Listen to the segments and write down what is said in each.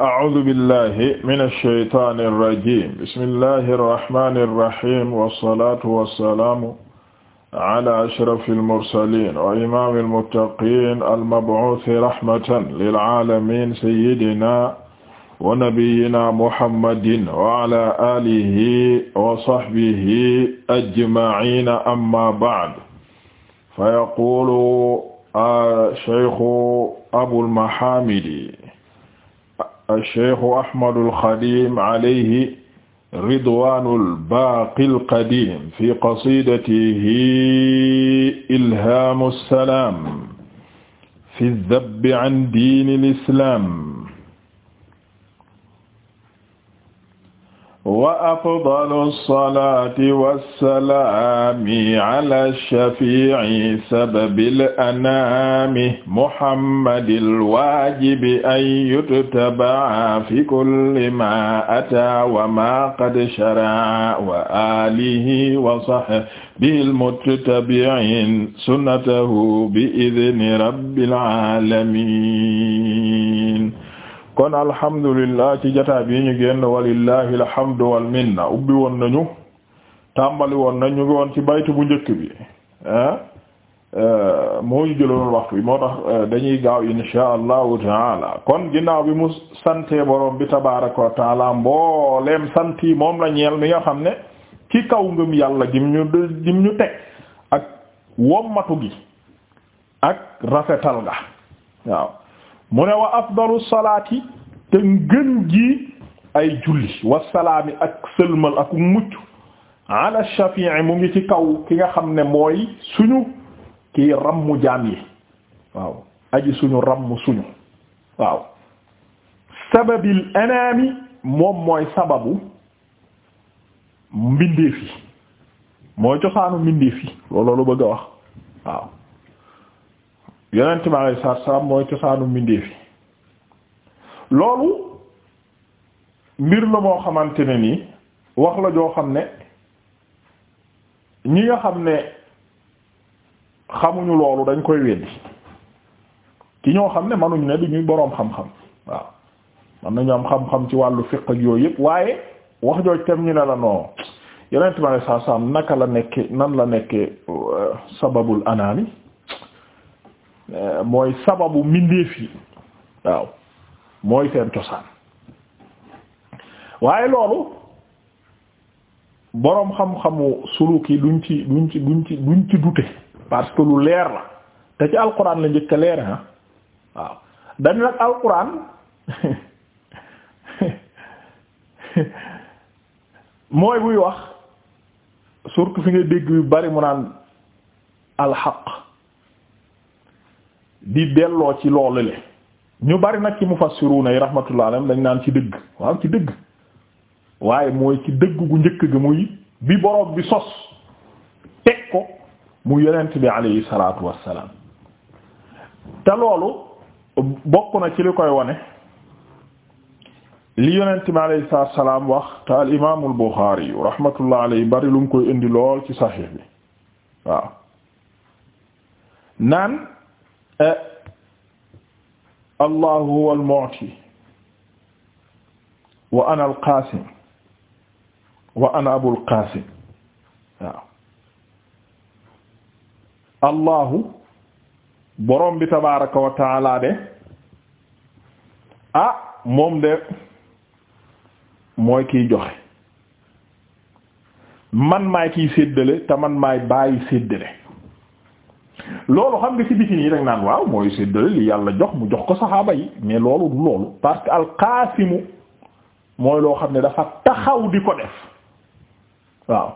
أعوذ بالله من الشيطان الرجيم بسم الله الرحمن الرحيم والصلاة والسلام على أشرف المرسلين وإمام المتقين المبعوث رحمة للعالمين سيدنا ونبينا محمد وعلى آله وصحبه أجمعين أما بعد فيقول الشيخ أبو المحامد alcheikhu ahmadu alxadim alayhi ridwanul baaqil qadim fi qasidatihi ilhamu salaam fi dabbi an diinil islam wa afdalu salaati wa salaami ala shafii'i sababil anaami muhammadil waajibi an yuttabaa fi kulli maa ataa wa maa qad sharaa wa aalihi wa sahbihil muttabi'iin sunnatahu bi idni rabbil aalamiin kon alhamdulillah ci jataa bi ñu génn walillahi alhamdu wal minna ubbi woon nañu tàmbali woon nañu ngi woon ci baytu bu njëkk bi ah, euh, moo ñu jëloon waxtu bi moo tax euh, dañuy gaaw insha allahu taala kon ginnaaw bi mu sante boroom bi tabaaraka wa taala mbooleem sant moom la ñeel mi nga xam ne ci kaw ngëm yàlla gim ñu gim ñu teg ak wommatu gi ak rafetal nga waaw mu ne wa afdalu salaati te ngën gi ay julli wasalaami ak sëlmal ak mucc ala shafi'i mu ngi ci kaw ki nga xam ne mooy suñu kii rammu jaam yi waaw aji suñu ramm suñu waaw sababil anaami moom mooy sababu mbindeef yi mooy cosaanu mbindeef yi loolu lu bëgg a wax waaw yeneen bi alayhi salaatu salaam mooy cosaanu mbindeef yi loolu mbir la moo xamante ne nii wax la joo xam ne ñi nga xam ne xamuñu loolu dañ koy weddi ki ñoo xam ne manuñ ne du ñuy boroom xam-xam waaw man nañu am xam-xam ci wàllu fiq yooyu yëpp waaye wax jooj tam ñu ne la non yeneen bi alayhi salaatu naka la nekke nan la nekke euh, sababul anaani Euh, mooy sababu mbindeef yi waaw mooy seen cosaan waaye loolu boroom xam-xamu suluk yi duñ ci duñ ci duñ ci duñ ci dute parce que lu leer la te ci alquran la njëkk a leer ha ah. waaw dañ nag alquran mooy buy wax surtout fi nga dégg yu bari mu naan alxaq di delloo ci loolu le ñu bari nag ci mufassiruna yi rahmatullah alayhim dañ naan ci dëgg waaw ci dëgg waaye mooy ci dëgg gu njëkk gi muy bi boroom bi sos teg ko mu yonent bi alayhi salaatu wassalaam te loolu bokk na ci li koy wone li yonent bi alayhi salaatu wax te al imaamul yu rahmatullah alayhi bari lu mu koy indi lool ci saxiix bi waaw naan Eh, allahu huwa al-mu'ti wa ana al-qasim wa ana abul qasim allahu borom tabaraka wa taala de ah moom de mooy kiy joxe man maay kiy séddale te man maay bàyyi séddale loolu xam nga ci biti nii dañ naan waaw mooy séddale li yàlla jox mu jox ko saxaaba yi mais loolu du loolu parce que alqaasimu mooy loo xam ne dafa taxaw di ko def waaw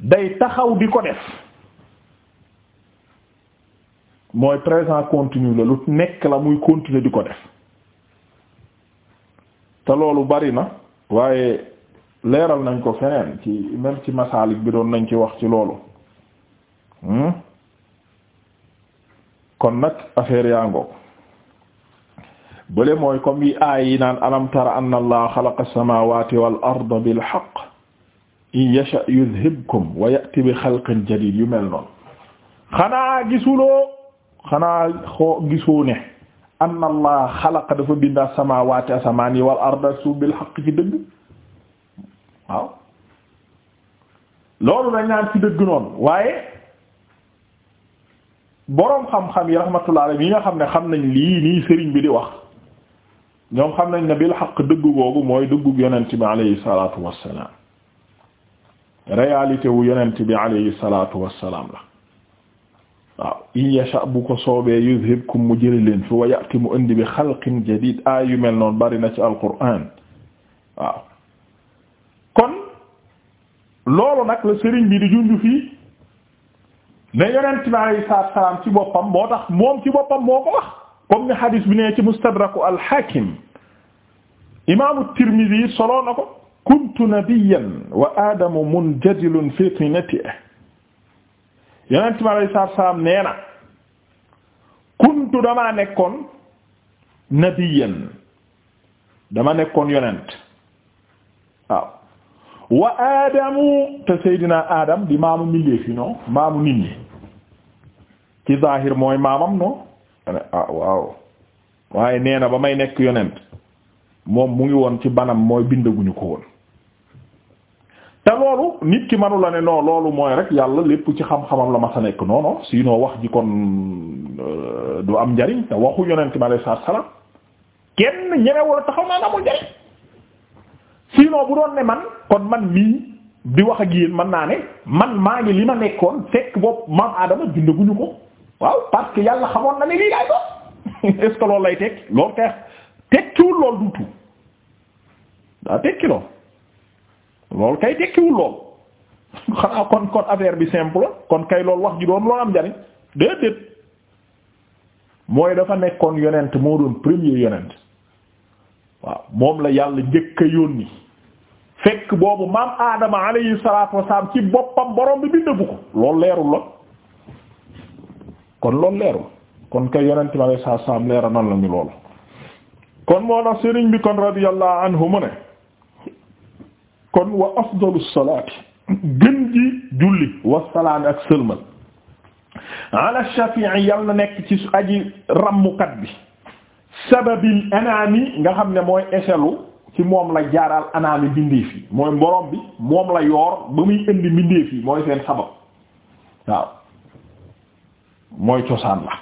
day taxaw di ko def mooy présent continue la lu nekk la muy continuer di ko def te loolu bari na waaye leeral nañ ko feneen ci même ci masaalik bi doon nañ ci wax ci loolu hmm? kon nag affaire yaa ngoog bële mooy comme yi naan alam tara anna allaha xalaqa as-samawati wal arda bil haqq in yasha yuzhibkum wa ya'ti bi xalqin jadid yu mel noonu xanaa gisuloo xanaa xoo gisoo ne anna allaha xalaqa dafa bind as-samawati asamaan yi wal arda suuf bil ci dëgg loolu dañ naan ci dëgg noonu waaye boroom xam-xam yi rahmatullah alayhi yi nga xam ne xam nañ lii nii sëriñ bi di wax ñoom xam nañ ne bil xaq dëggu googu mooy dëggu yonent bi alayhi salaatu wassalaam réalité wu yonent bi alayhi salaatu wassalaam la waaw in yasha bu ko soobee yuzhibkum mu jëli leen fi wa ya'ti mu bi xalqin jadid aay yu mel noonu bari na ci alquran kon loolu nag la sëriñ bi di junj fii ne yonent bi alayhi salaatu salaam ci boppam moo tax moom ci boppam moo ko wax comme ni hadis bi ne ci mustadraku al-Hakim imaamu Tirmidhi solo na ko kuntu nabiyyan wa aadamu munjadilun fi tinatihi yonent bi alayhi salaatu wa salaam nee na kuntu damaa nekkoon nabiyyan dama nekkoon yonent waaw wa aadamu te seydinaa aadam di maamu milléef yi non maamu nit ñi ci zahir mooy maamam no ah waaw waaye nee na ba may nekk yonent moom mu ngi woon ci banam mooy bindaguñu ko woon te loolu nit ki manu la ne non loolu mooy rek yàlla lépp ci xam-xamam la ma sa nekk non non wax ji kon euh, du am njariñ te waxu yonent bi alayhi salaam kenn ñemewul taxaw naa amul njariñ sinon bu doon ne man kon man mii di wax ak yéen mën naa ne man maa ngi li ma nekkoon fekk bopp maam Adama bindaguñu ko. waaw parce yàlla xamoon na ni lii laay ko est-ce lay tekki loolu kay tekkiwul lool du tout daa tekki lool loolu kay tekkiwul lool xanaa kon kon affaire bi simple kon kay lool wax ji doon loolu am njariñ déedéet mooy dafa nekkoon yonent moo doon premier yonent waaw moom la yàlla njëkk a yónni fekk boobu maam aadama alayhi salaatu ci boppam borom bi bindagu ko loolu leerul la kon loolu leerul kon kay yonent bi alayhi salaatu salaam leera nan la loolu kon moo tax sëriñ bi kon radiyallahu anhu mu ne kon wa afdalu salaati gën ji julli wa ak sëlmal ala shafi'i yal nekk ci aji rammukat bi sababil anaami nga xam ne mooy eselu ci moom la jaaral anaami mbindeef yi mooy borom bi moom la yoor ba muy indi mbindeef yi mooy seen sabab waaw mooy cosaan la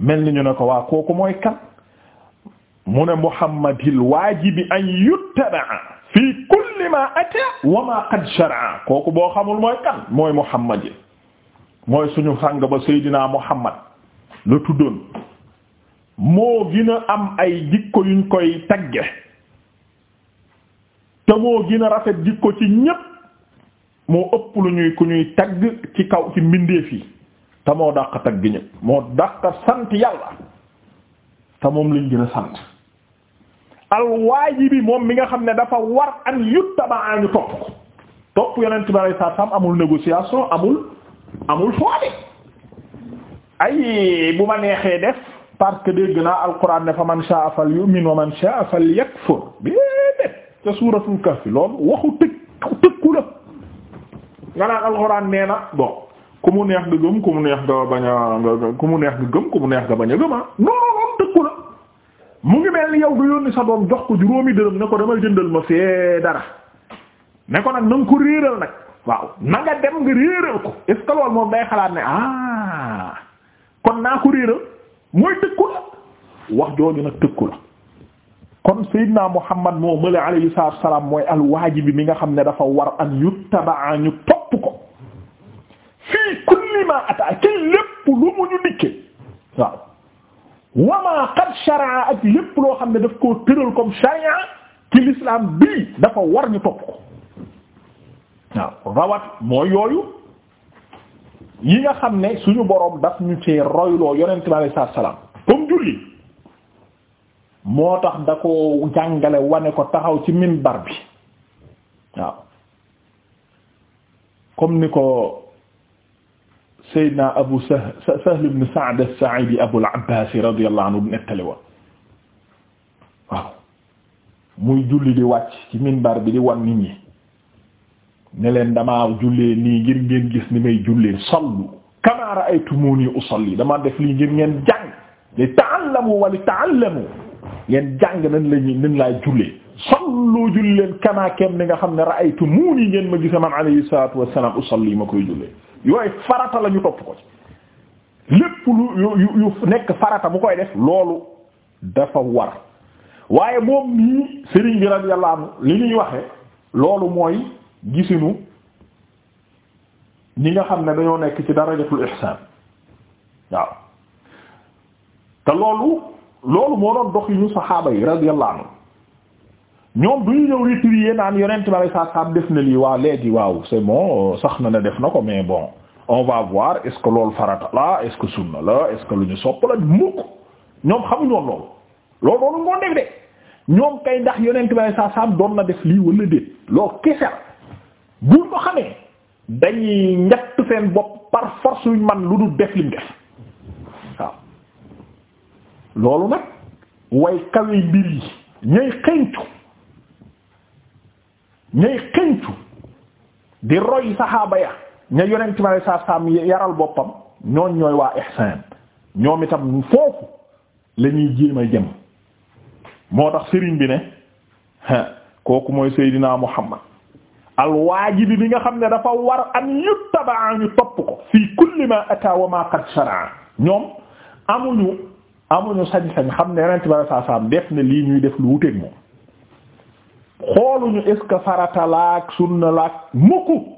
mel ni ne ko waa kooku mooy kan mu ne muhammadil waajibi an yuttaba'a fi kulli ma ata wa ma qad shar'a kooku boo xamul mooy kan mooy muhammad yi mooy suñu sang ba seydinaa muhammad la tuddoon moo gën am ay jikko yuñ koy tagge te moo gën a rafet jikko ci ñépp moo ëpp lu ñuy ku ñuy tagg ci kaw ci mbindeef yi te moo dàq tagg moo dàq sant yàlla te moom lañ gën a sant alwaajibi moom mi nga xam ne dafa war an yuttaba ñu topp ko topp yonent bi alay saat amul négociation amul amul foide ay bu ma neexee def parce que dégg naa alquran ne fa man sha'a fal yu'min wa man sha'a fal yakfur bi dét ca suuratul kahf loolu waxu tëg tëkku la nga naan alquran nee na bon ku mu neex nga gëm ku mu neex nga bañ a nga ku mu neex nga gëm ku mu neex nga bañ a gëm ah non tëkku la mu ngi mel ni yow du yónni sa doom jox ko juróomi dërëm ne ko damay jëndal ma fee dara ne ko nag na ko réeral nag waaw na nga dem nga réeral ko est moom day xalaat ne ah kon naa ko réeral mooy tëkku la wax jooju nag tëkku la. kon Seydina Muhammad moo mële alayhi salaam mooy alwaajib bi mi nga xam ne dafa war an yuttaba ñu topp ko kulli ma ataa ci lépp lu mu ñu dikke waaw wamaa qad sharaa ak lépp loo xam ne daf koo tëral comme sharia ci l'islam bii dafa war ñu topp ko waaw rawat mooy yooyu yi nga xam ne suñu boroom daf ñu cee royloo yonent bi alayhi salaam comme julli moo tax da ko jàngale wane ko taxaw ci minbar bi waaw comme ni ko Seydina Abu Sahl Sahl ibn Sa'd as-Sa'idi Abul Abbas radiyallahu anhu muy julli di wàcc ci minbar bi di wan nit ñi ne leen damaa jullee nii ngir ngeen gis ni may jullee sallu kama ra'aytumuni usalli dama def lii ngir ngeen jàng li ta'allamu wa li ta'allamu ngeen jàng nan lañu nan laay jullee sallu julli leen kama kem ni nga xam ne ra'aytumuni ngeen ma gisa man alayhi salatu wassalam usalli ma koy jullee yooyu farata la ñu topp ko ci lépp lu yu nekk farata bu koy def loolu dafa war waaye moom nii Serigne bi radiyallahu li ñuy waxe loolu mooy gisinu ñi nga xam ne dañoo nekk ci darajatul ihsaan waaw te loolu loolu moo doon dox yi ñu saxaaba yi radiyallahu anhu ñoom duñu ñëw rétrier naan yonent bari saa saam def na lii waaw léegi waaw c'est bon sax na ne def na ko mais bon on va voir est-ce que loolu farata la est que sunna la est que lu ñu sopp la mukk ñoom xamuñoon loolu loolu doonu ngoon def de ñoom kay ndax yonent bari saa saam doon na def lii wala déet loolu kese buñ ko xamee dañuy ñett seen bopp par force yuñ man lu dul def lim def waaw loolu nag way kawe mbir yi ñay xëncu ñay xëncu di roy saxaaba ya ña yonent ma saa saam yaral boppam ñooñ ñooy waa ihsaan ñoom itam foofu la ñuy jéem a jëm moo tax sëriñ bi ne kooku mooy Seydina Muhammad alwaajibi bi nga xam ne dafa war an yuttabaa ñu topp ko fii kulli ma ata wa ma qad sharaa ñoom amuñu amuñu sañ xam ne yonent ma saa saam def na lii ñuy def lu wuteeg moom xooluñu est ce que farata laak sunna laak mukku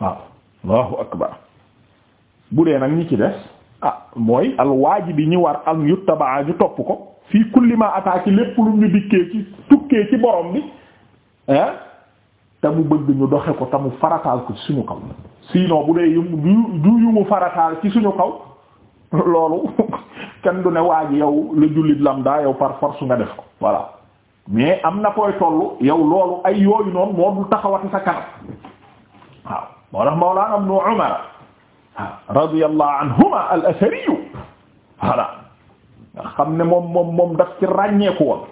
waaw allahu akbar bu dee nag ñi ci des ah mooy al waajibi ñi war al yuttabaa ñu topp ko fii kulli ma ataa ci lépp lu ñu dikkee ci tukkee ci borom bi ah te mu bëgg ñu doxe ko te mu farataal ko ci suñu kaw sinon bu dee yu du yu mu farataal ci suñu kaw loolu kenn du ne waa ji yow la jullit lam daa yow par force nga def ko voilà mais am na koy toll yow loolu ay yooyu noonu moo dul taxawati sa kanam waaw moo tax Mawlana Ibnu Umar radiyallahu anhuma al asari voilà xam ne moom moom moom daf ci ràññeeku woon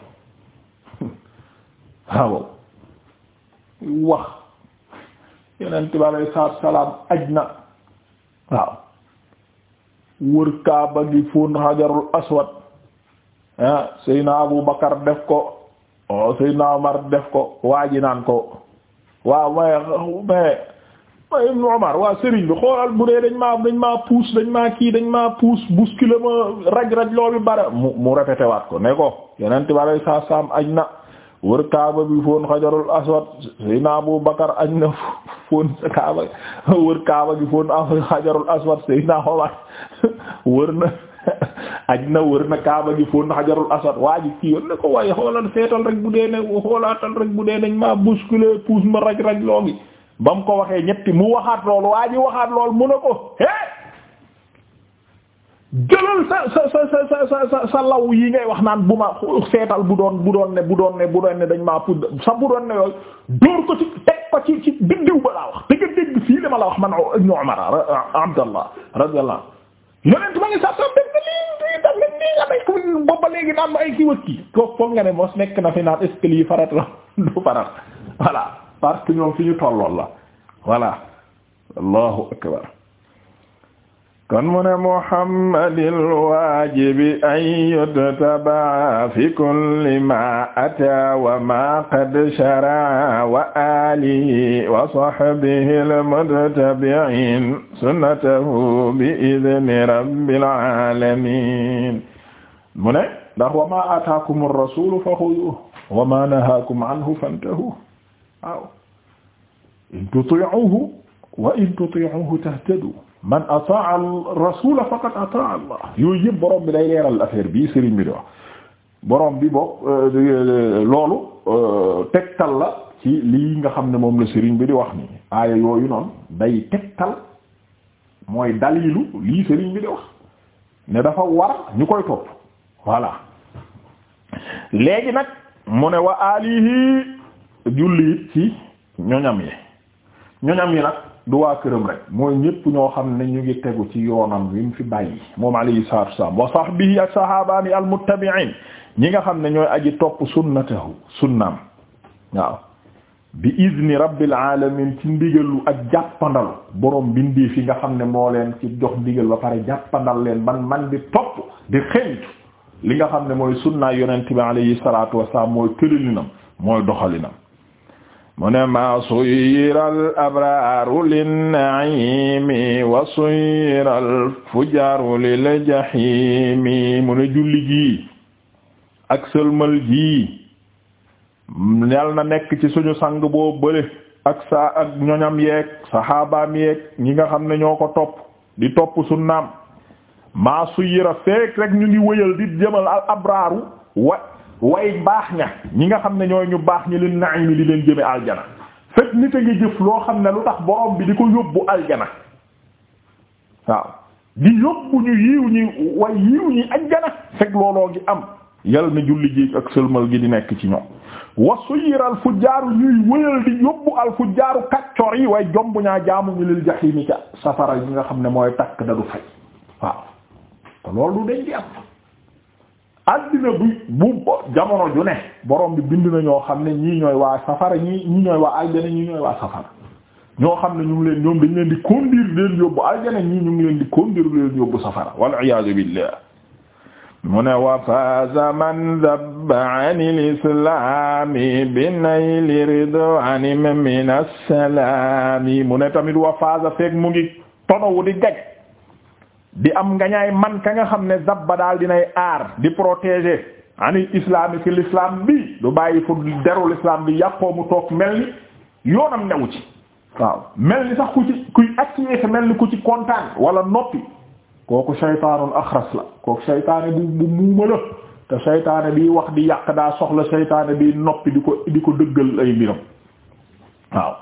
wax Yonent bi salaam aj na waaw Kaaba gi fóon Hajarul Aswad ah Seydina Abu Bakar def ko o oh, Seydina Omar def ko waaji naan ko waaw may may may Ibn Omar waaw sëriñ bi xoolal bu dee dañ ma dañ ma puus dañ ma kii dañ ma puus bousculer ma raj-raj loo bi bare mu mu répété waat ko ne ko yeneen balay saa saam añ na wër kaaba bi foon xajarul aswad Seydina Abu Bakar aj na foon kaaba wër kaaba bi foon xajarul aswad Seydina Omar wër na aj na wër na kaaba gi fóon na xajarul asad waa ji kii yoon ne ko waaye xoolal seetal rek bu dee ne xoolaatal rek bu dee nañ maa bousculer puus ma raj raj loo gi ba mu ko waxee ñetti mu waxaat lool waa ji waxaat lool mu ne ko hé jëlal sa sa sa sa sa sa law yi ngay wax naan bu ma seetal bu doon bu doon ne bu doon ne bu doon ne dañ maa puud sa bu doon ne yooyu dóor ko ci teg ko ci ci biddiw ba laa wax dëgga fii li ma la wax man Ibn Umar Abdallah radiyallahu yonent ma ngi sax sax def nii nga nekk boobu ba léegi naan ma ay kii wëkk yi foog nga ne mos nekk na fi naan est ce que lii farat la du farat voilà parce ñoom fi ñu tolloon la voilà allahu akbar kon mu ne muhammadil waajibi an yuttaba fi kulli ma ata wa ma qad shara wa alihi wa sahbihi almuttabi'in sunnatahu bi idni rabbil alamin mu ne ndax wa ma ataakum ar-rasulu fa xuduhu wa ma nahaakum anhu fantahu waaw in tuti'uhu wa in tuti'uhu tahtadu man ataa ar-rasuula faqad ataa Allah yooyu yëpp borom bi day leeral affaire bi sëriñ bi di wax borom bi boog euh, loolu euh, tegtal la ci lii nga xam ne moom la sëriñ bi di wax nii aaya yooyu noonu day tegtal mooy dalilu lii sëriñ bi di wax ne dafa war ñu koy topp voilà léegi nag mu ne wa alihi julli ci ñoñam yi ñoñam yi nag du waa këram rek mooy ñépp ñoo xam ne ñu ngi tegu ci yoonam wi ñu fi bàyyi moom alayhi salaatu wassalaam wa sahbihi ak sahabaani almuttabi'in ñi nga xam ne ñooy aji topp sunnatahu sunnaam waaw bi izni rabbil alamin ci ndigalu ak jàppandal borom bindii fi nga xam ne moo leen ci jox ndigal ba pare jàppandal leen man man di topp di xentu li nga xam ne mooy sunnaay yonent bi alayhi salaatu wassalaam mooy tëralinam mooy doxalinam mu ne maa suyyiral abraaru linnaimi wa suyyiral fujaaru lil mu ne julli gii ak sëlmal gii yal na nekk ci suñu sang boo bële ak saa ak ñoñam yeeg saxaabaam yeeg ñi nga xam ne ñoo ko topp di topp sunnaam maa suyyira fekk rek ñu ngi wëyal di jëmal al abraaru wa way baax ña ñi nga xam ne ñooy ñu baax ñi leen naimi di leen jëme aljana fekk nit a ngi jëf loo xam ne lu tax borom bi di ko yóbbu aljana waaw di yóbbu ñu yiw ñi way yiw ñi aljana fekk looloo gi am yal na julli ji ak sëlmal gi di nekk ci ñoom wasu yiral fu jaaru ñuy wëyal di yóbbu al fu yi waaye jomb ñaa jaamu ñu lil jaxiimi ca safara yi nga xam ne mooy takk da du fay waaw te loolu du am addina bu bu jamono ju ne borom bi bind na ñoo xam ne ñii ñooy waa safara ñii ñii ñooy waa aljana ñii ñooy waa safara ñoo xam ne ñu leen ñoom dañ leen di conduire leen yóbbu aljana ñii ñu ngi leen di conduire leen yóbbu safara wal iyaazu billah mu ne wa faaza man dabba anil islami bi nayli ridwani min assalaami mu ne tamit wa faaza fekk mu ngi tonowu di gaj di am ngañaay man ka nga xam ne ba daal dinay aar di protéger ani islaami ci lislaam bi du bàyyi fu derul lislaam bi yàqoo mu toog mel ni yoonam newu ci waaw mel ni sax ku ci kuy activé mel ni ku ci kontaan wala noppi kooku shaytaanul axras la kooku shaytaane bu bu te shaytaane bi wax di yàq daa soxla shaytaane bi noppi di ko di ko dëggal ay mbiram waaw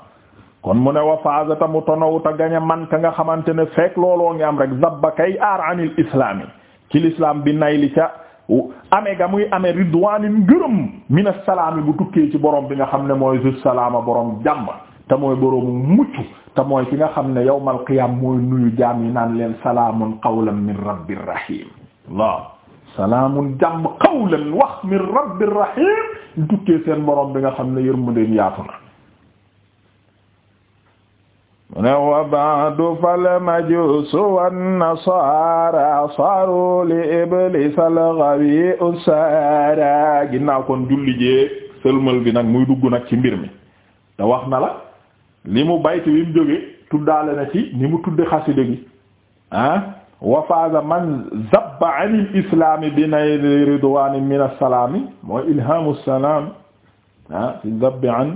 kon mu ne wa faasata mu tonawu ta gañe man ka nga xamante ne fekk looloo ngi am rek zabba kay aar anil islaami ci l'islam bi nay li ca ame ga muy ame ridwaanin ngërëm mina salaami bu tukkee ci borom bi nga xam ne mooy zu salaama borom jàmm te mooy boroomu mucc te mooy ki nga xam ne yawmal qiyaam mooy nuyu jaam yi naan leen salaamun qawlan min rabbir rahim Allah salaamun jàmm qawlan wax min rabbir rahim tukkee seen borom bi nga xam ne yërmandeen yaatu na mu ne wa ba'du fal majuusu wan saru li iblis al ghawi usara ginnaaw kon julli jee sëlmal bi nag muy dugg nag ci mbir mi te wax na la li mu bayti wi mu jóge tuddaale na ci ni mu tudde xasida gi ah wa faaza man zabba anil islaami bi nayli ridwaani min assalaami mooy ilhamu salaam ah fi zabbi an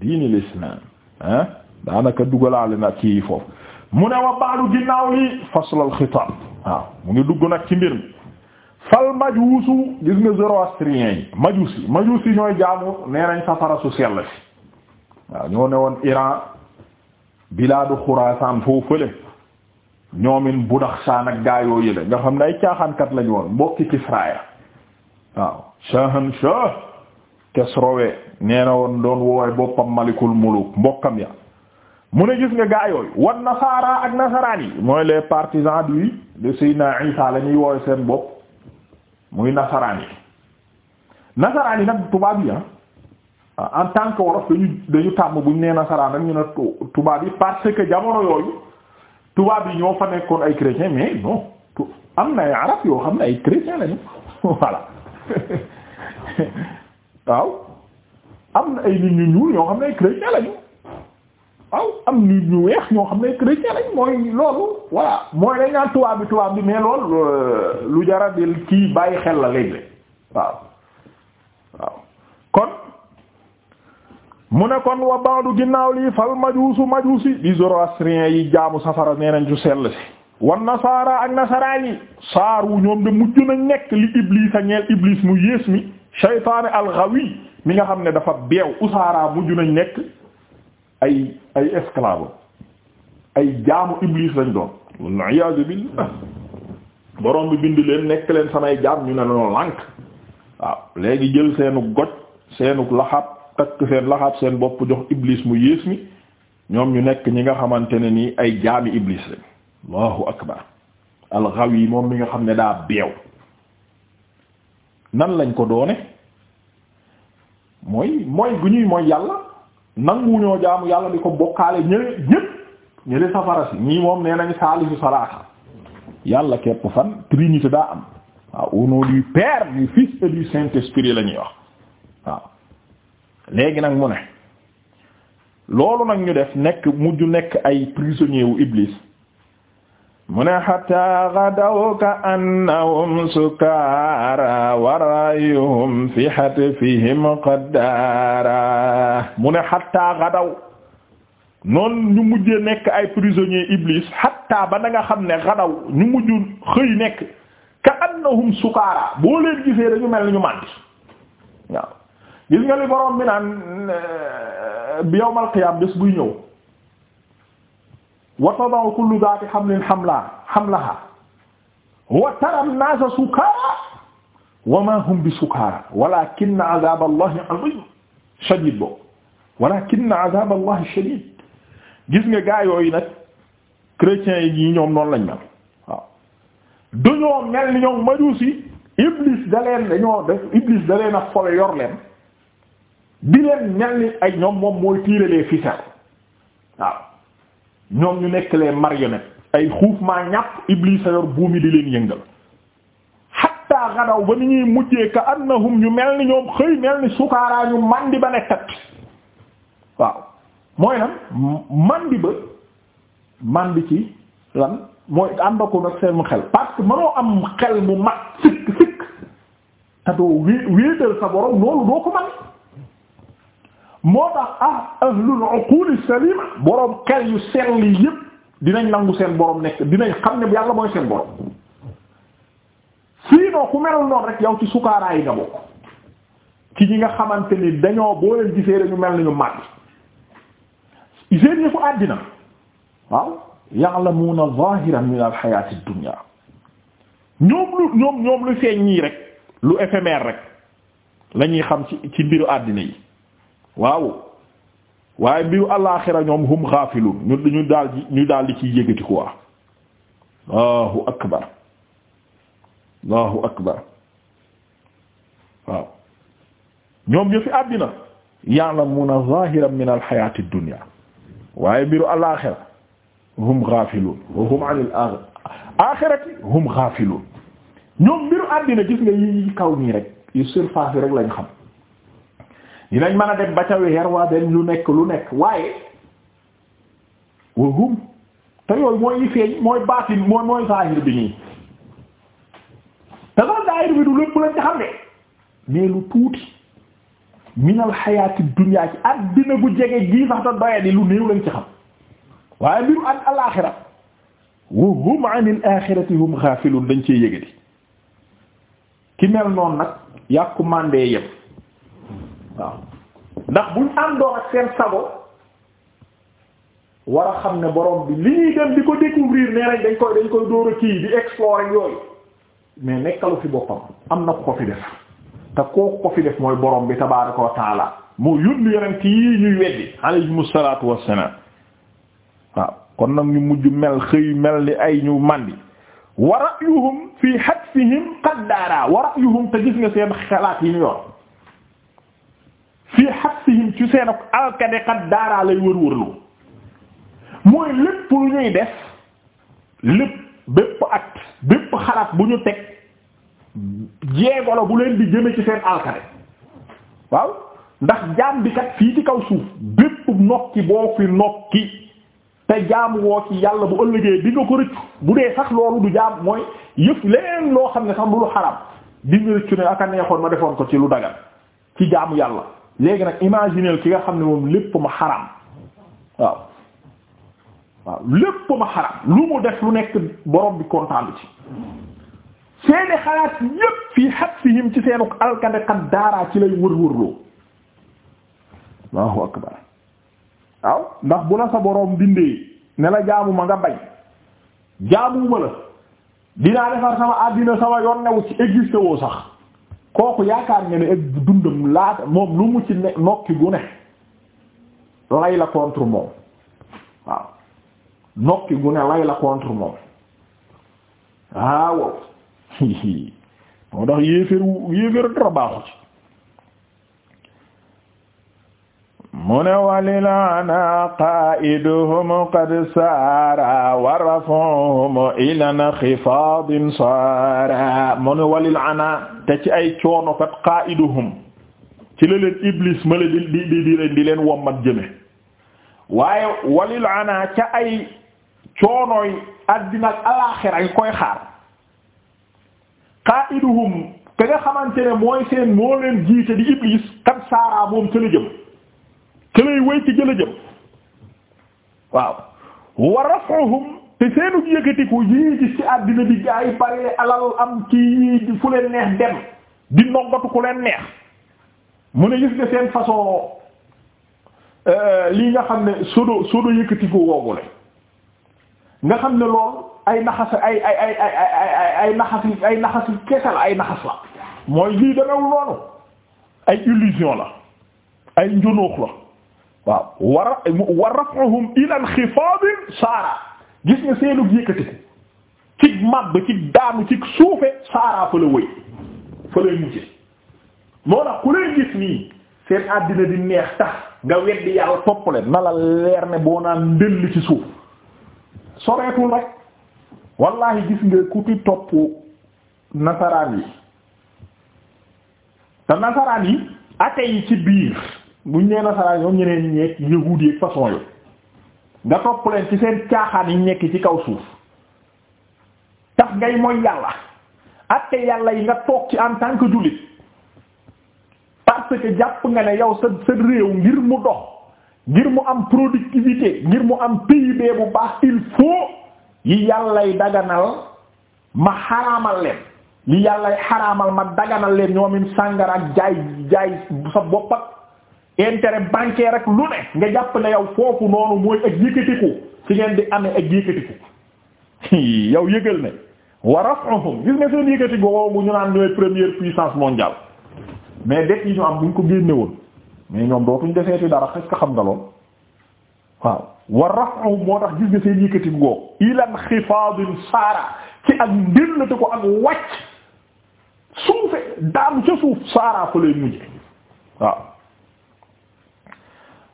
diinil islaam ah daanaka dugalaale na kii foofu mu ne wa baalu ginnaaw li faslal xitaab mu ngi dugg nag ci mbir mi fal majuusu gis nga zoroastriens yi majuusi majuusi ñooy jaamu nee nañ safara su sell si waaw ñoo ne woon Iran bilaadu Xuraasaan foofu fële ñoomin Budaxsaan ak gaayoo yële nga xam ne ay caaxaankat lañu woon mbokki Kisraaya waaw shahan shah Kesrowe nee na woon doon woowee boppam Malikul Muluk mbokkam ya mu ne gis nga gaa yooyu wan nasaara ak nasaraan yi mooy les partisans du de Seydina Isa la ñuy woowe seen bopp muy nasaraan yi yi nag tubaab yi ah en tant que wolof dañu dañu tàmm buñ nee nasaraan rek na ne tubaab yi parce jamono yooyu tubaab yi ñoo fa nekkoon ay chrétiens mais non am na ay arab yoo xam ne ay chrétiens lañu voilà waaw am na ay nit ñu ñuul yoo xam ne ay chrétiens lañu. waaw am nit ñu weex ñoo xam ne chrétien lañ mooy loolu voilà mooy dañ naan tubaab bi tubaab lool euh, lu jara di kii bàyyi xel la léegi waaw waaw kon mu ne kon wa baadu ginnaaw lii fal majuusu majuusi di zoroastrien yi jaamu safara nee nañ ju sell si wan nasaara ak nasaraan yi saaru ñoom de mujj na nekk li iblis a ñeel iblis mu yées mi shaytaane alxawi mi nga xam ne dafa beew usaara mujj nañ nekk ay ay esclave ay jaamu iblis lañ doon wal iyaadu billah borom bi bind leen nekk leen samay jaam ñu ne noonu lànk waaw léegi jël seenu goj seenu laxaab takk seen laxaab seen bopp jox iblis mu yées mi ñoom ñu nekk ñi nga xamante ne nii ay jaami iblis lañ allahu akbar alxawi moom mi nga xam ne daa beew nan lañ ko doone mooy mooy gu ñuy mooy yàlla nangu ñoo jaamu yàlla di ko bokkaale ñële ñëpp ñële safara si ñii moom nee nañ saalisu salaasa yàlla képp fan trinité daa am waaw au yu du Père du Fils et du Saint-Esprit la ñuy wax waaw léegi nag mu ne loolu nag ñu def nekk mujj nekk ay prisonnier wu Iblis mu ne xataa gadaw ka annahum sukaara wa rayuhum fi qaddaara mu ne xataa gadaw noonu ñu mujjee nekk ay prisonnier iblis xataa ba na nga xam ne gadaw ñu mujj xëy nekk ka annahum boo leen gisee dañu mel ni ñu màndi waaw gis nga li bi naan bi yawmal qiyaam bés buy ñëw wa tada'u kullu dhati hamlin hamla hamlaha wa tara an-nasa sukara wa ma hum bi sukara walakinna 'adhaba allahi 'azim shadid bo walakinna 'adhaba allahi shadid gis nga gaa yooyu nag chrétiens yi ñoom noonu lañ mel waaw dañoo mel ni ñoom majuusi iblis da leen dañoo def iblis da leen a fole yor leen di leen mel ni ay ñoom moom mooy tirer les ficelles waaw ñoom ñu nekk les marionnettes ay xuuf maa ñàpp Iblis yor buum di leen yëngal xatta xadaw ba ni ñuy mujjee ka annahum ñu mel ni ñoom xëy mel ni sukaaraa ñu ba nekkat waaw mooy lan mandi ba mandi ci lan mooy ànda ko nag seen xel parce que mënoo am xel mu mat sikk sikk te doo wéetal sa borom loolu doo ko man moo tax ah ahlul uqul salima borom xel yu sell yi yépp dinañ nangu seen borom nekk dinañ xam ne yàlla mooy seen borom sinon ku melul noonu rek yow ci sukaaraa yi nga bokk ci ñi nga xamante ni dañoo boo leen gisee dañu mel ni ñu màgg seen yëfu àddina waaw ya'lamuna zahiran min al-hayati ad-dunya ñoom lu ñoom ñoom lu feeñ ñii rek lu éphémère rek lañuy xam ci ci mbiru àddina yi. waaw waaye mbiru àllaaxira ñoom hum xaafiluun ñu daal ñu daal di ciy yëgati quoi allahu akbar allahu akbar ñoom ñu fi àddina ya'lamuuna zaahiran min alxayaati dunya waaye mbiru àllaaxira hum xaafiluun wa mbiru àddina gis nga yi kaw nii rek yu surface rek lañ xam. dinañ mën a dem ba ca weer waa benn lu nekk lu nekk waaye wahum te yooyu mooy feeñ mooy baatin mooy mooy saahir bi nii te sax daahir bi du lépp lañ xam ne mais lu tuuti minal xayaati dunya ci àddina bu jege gii sax te doya lu néew lañ ci xam waaye mbiru ak alaaxira wahum anil aaxirati hum xaafiluun dañ cee yëgati ki mel noonu nag yàqu màndee yépp waaw ndax buñ àndoon ak seen sago war a xam ne borom bi li ñuy dem di ko découvrir nee nañ dañ koy dañ a kii di explorer yooyu mais nekkalu fi boppam am na ku ko fi def te kooku ko fi def mooy borom bi tabaaraka wa taala moo yónni yonent yi ñuy weddi alayhimu salaatu wassalaam waaw kon nag ñu mujj mel xëy mel ni ay ñu màndi wa ra'yuhum fi hadfihim qad daara wa ra'yuhum te gis nga seen xalaat yi ñu yor fii habsihim ci seen alkade xat daaraa lay wër-wërlu mooy lépp lu ñuy def lépp bépp acte bépp xalaat bu ñu teg jéego la bu leen di jëme ci seen alkade waaw ndax jaam bi kat fii ci kaw suuf bépp nokki boo fi nokki te jaamu woo ci yàlla bu ëllëgee di nga ko rëccu bu dee sax loolu du jaam mooy yëpp leneen loo xam ne sax lu lu xaram di nga rëccu ne aka neexoon ma defoon ko ci lu dagal ci jaamu yàlla léegi nag imagineel ki nga xam ne moom lépp ma xaram waaw waaw lépp ma xaram lu mu def lu nekk borom bi kontaan ci seeni xalaat yépp fii habsihim ci seenu alkande xat daaraa ci lay wër wërloo Allahu akbar waaw ndax bu la sa borom bindee ne la jaamu ma nga bañ jaamuwuma la dinaa defar sama àddina sama yoon new ci existé woo sax kooku yaakaar nga ne ak dundam laata moom lu mu ci ne nokki gu ne lay la contre moom waaw nokki gu ne lay la contre moom waaw moo tax yéeféer yéeféer dara baaxu ci mu ne walil ana qaiduhum qad saara wa rafuhum ila nxifaadin saara mu walil ana te ay coono kat qaiduhum ci la leen iblis ma la di di di leen di leen wommat jëme waaye walil ana ca ay coonooy àddina koy xaar qaiduhum ka nga xamante ne mooy seen jiite di iblis kat saara moom ca la jëm këlay way ci jëla jëm waaw wa rafuhum te seenu yëkkatiku yii gis ci àddina bi gaa yi bari alal am ci yii fu leen neex dem di noggatu ku leen neex mu ne gis nga seen façon euh, lii nga xam ne sodo sodo yëkkatiku woogule nga xam ne lool ay naxas ay ay ay ay ay naxas ay naxas kese la ay naxas la mooy lii danawul noonu ay illusion la ay njunuux la waaw war wa raf'uhum ila al saara gis nga seenu yëkkati ko ci màbb ci daanu ci suufe saara fa la wëy fa lay mujje moo tax ku lay gis nii seen àddina di neex tax nga weddi yàlla toppale na la leer ne boo naan ndëll ci suuf soreetul rek wallahi gis nga ku ci topp nasaraan yi te nasaraan yi ate yi ci biir buñ nee nasaraan ñoom ñeneen ñi nekk yahuud yi façon yooyu nga topp leen ci seen caaxaan yi nekk ci kaw suuf tax ngay mooy yàlla atte yàlla yi nga toog ci en tant que jullit parce que jàpp nga ne yow sa sa réew ngir mu dox ngir mu am productivité ngir mu am PIB bu baax il faut yi daganal ma xaraamal leen yi yàllay xaraamal ma daganal leen ñoomin sàngara ak jaay jaay sa bopp intérêt bancaire rek lu ne nga jàpp ne yow foofu noonu mooy ak yëkkatiku ci ngeen di amee ak yëkkatiku yow yëgal ne wa raf'uhum gis nga seen yëkkatiku woowu mais def am buñ ko génne woon mais ñoom dootuñ defeeti dara est xam nga lool waaw wa raf'uhum moo tax gis nga seen yëkkatiku woowu ilan xifaadin saara ci ak ndillati ko ak wàcc suufe daam ca suuf saara fa lay mujje waaw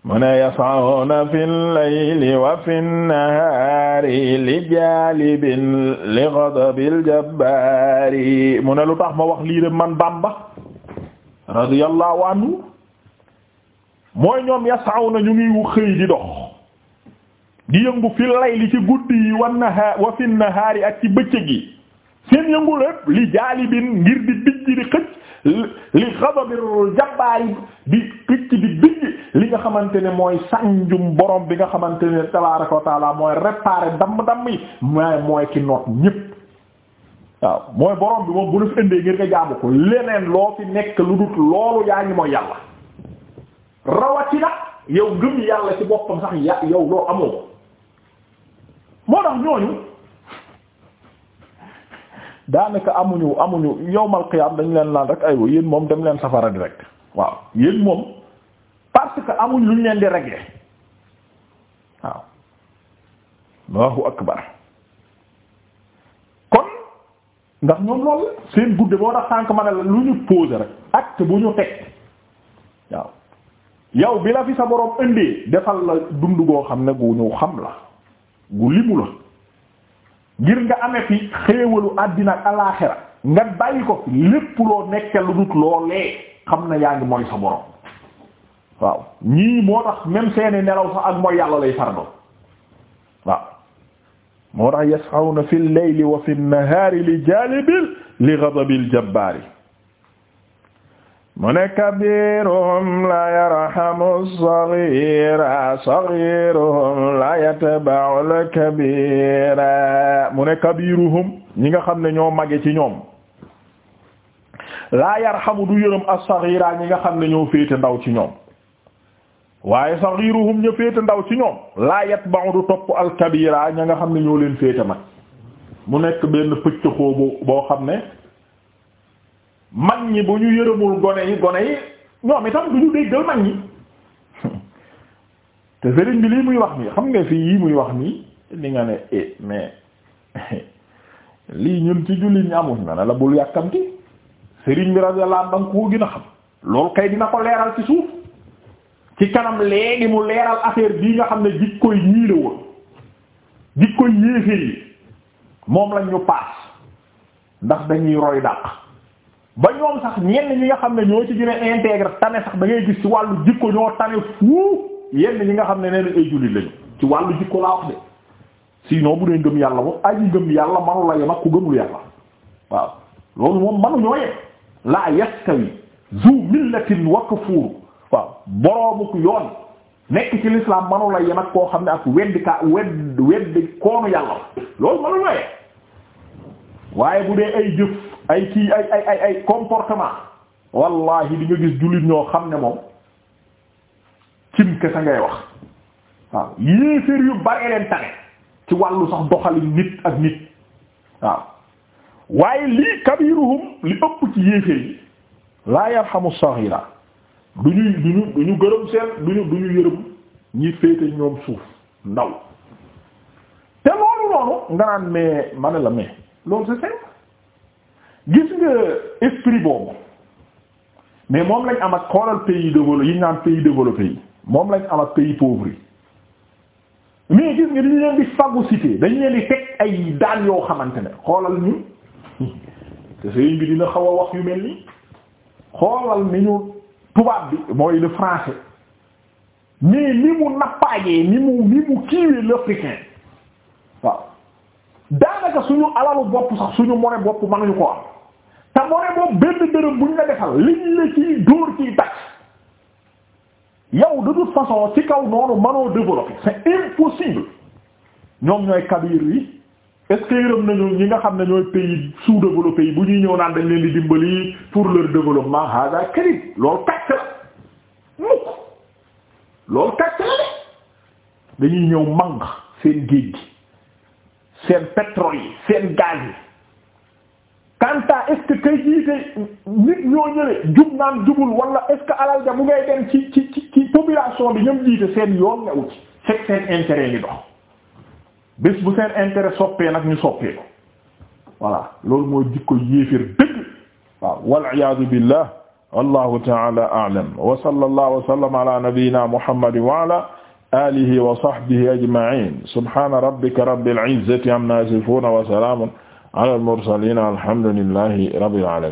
mu ne yas'awna fil layli wa fin nahaari li jaalibin li ghadabil jabbaari mu ne lu tax ma wax lii de man Bamba radiyallahu anhu mooy ñoom yas'awna ñu ngi xëy di dox di yëngu fil layli ci guddi yi wan nahaar wa fin nahaari ak ci bëccëg yi seen yëngu lépp li jaalibin ngir di bijj di xëcc li ghadabi jabbaar bi picc bi bicc li nga xamante ne mooy sànjum borom bi nga xamante ne tabaaraka wa taala mooy réparer damm-damm yi mooy mooy ki noot ñépp waaw mooy borom bi moom bu la ngir nga jaamu ko leneen loo fi nekk lu dut loolu yaa ngi mooy yàlla rawatina yow gëm yàlla ci boppam sax ya yow loo amoo ko moo tax ñooñu. daanaka amuñu amuñu yowmal qiyaam dañu leen naan rek aywa yéen moom dem leen safara direct waaw yéen moom parce que amuñ luñ leen di régler waaw Allahu akbar kon ndax ñoom loolu seen gudde boo tax sànk ma la lu ñu poser rek acte bu ñu teg waaw yow bi la fi sa boroom indee defal la dund goo xam ne gu ñu xam la gu limu la ngir nga amee fi xéewalu àddina ak alaaxira nga bàyyi ko fi lépp loo nekke lu dut loolee xam na yaa ngi mooy sa borom waaw ñii moo tax même seeni nelaw sax ak mooy yàlla lay fardoo waaw moo tax yas'awna fil layli wa fin nahaari li jaalibil li ghadabil jabbaari mu ne kabiruhum la yarhamu saghira saghiruhum la yatba'u al-kabira mu ne kabiruhum ñi nga xam ne ñoo mage ci ñoom la yarhamu du yërëm as-saghira ñi nga xam ne ñoo féete ndaw ci ñoom waaye saghiruhum ña féete ndaw ci ñoom la yatba'u du topp al-kabira ña nga xam ne ñoo leen féete mag mu nekk benn pëcc xoobu boo xam ne mag ñi bu ñu yërëmul gone yi gone yi ñoom itam du ñu déggal mag ñi te sëriñ bi lii muy wax nii xam nga fii yii muy wax nii li nga ne eh, mais lii ñun ci jullit ñi amul nga ne la bul yàkkamti sëriñ bi radiyallahu anhu danga koo gën a xam loolu kay dina ko leeral ci suuf ci kanam léegi mu leeral affaire bii nga xam ne jikkoy ñii la woon jikkoy yéefee yi moom lañ ñu paas ndax dañuy roy dàq ba ñoom sax ñenn ñi nga xam ne ñoo ci gën a intègre tane sax da gis ci wàllu jikko ñoo tane fuuf yenn ñi nga xam ne nee nañ ay jullit lañu ci wàllu jikko laa wax de sinon bu dee gëm yàlla moom aji ngëm yàlla manu la yem ak ku gëmul yàlla waaw loolu moom manu ñoo yem laa yastawi zu millatin wa kufur waaw boroomuk yoon nekk ci lislaam manu la yem ak koo xam ne ak weddi ka wedd wedd koonu yàlla loolu manu la yem waaye bu dee ay jëf ay kii ay ay ay ay comportement wallahi di nga gis jullit ñoo xam ne moom cim kese ngay wax waaw yéeféer yu bari leen tane ci wàllu sax doxalin nit ak nit waaw waaye lii kabiruhum li ëpp ci yéeféer yi laa yarhamu saghira du ñuy du ñu du ñu gërëm seen du ñu du ñu yërëm ñi féete ñoom suuf ndaw te loolu noonu nga naan mais ma la mais loolu c'est simple gis nga esprit boobu mais moom lañ am ak xoolal pays développé yi naan pays développé yi moom lañ am ak pays pauvre yi mais gis nga dañu leen di phagocyté dañu leen di teg ay daan yoo xamante ne xoolal ñu te sëriñ bi dina xaw a wax yu mel ni xoolal ni ñu tubaab bi mooy le français mais ni mu nappaajee ni mu ni mu kiiwee l'africain waaw daanaka suñu alalu bopp sax suñu monnaie bopp mënuñu ko am ñoom benn dërëm ñu la defal liñ la ciy dóor ciy tax yow de toute façon ci kaw noonu mënoo développer c'est impossible ñoom ñooy kabir yi est-ce que yërëm nañu ñi nga xam ne ñooy pays sous-développés yi bu ñuy ñëw naan dañ leen di dimbali pour leur développement hada karib loolu tax la mukk loolu tax la dañuy ñëw mang seen géej gi seen pétrole yi seen gaz yi kanta est-ce que kay jiite nit ñoo ñële jub naan jubul wala est-ce que alal ja bu ngay dem ci ci ci ci population bi ñoom jiite seen yoon nga ut fekk seen intérêt ngi dox bés bu seen intérêt soppee nag ñu soppee ko voilà loolu mooy jikko yéefir dëgg waaw wal iyaadu billah wallahu ta'ala a'lam wa sallallahu wa sallama ala nabiyyina muhammadin wa ala alihi wa sahbihi ajma'in subhana rabbika rabbil izzati amma yasifun wa salamun ala al mursaliin alhamdulillahi rabbil aalamiin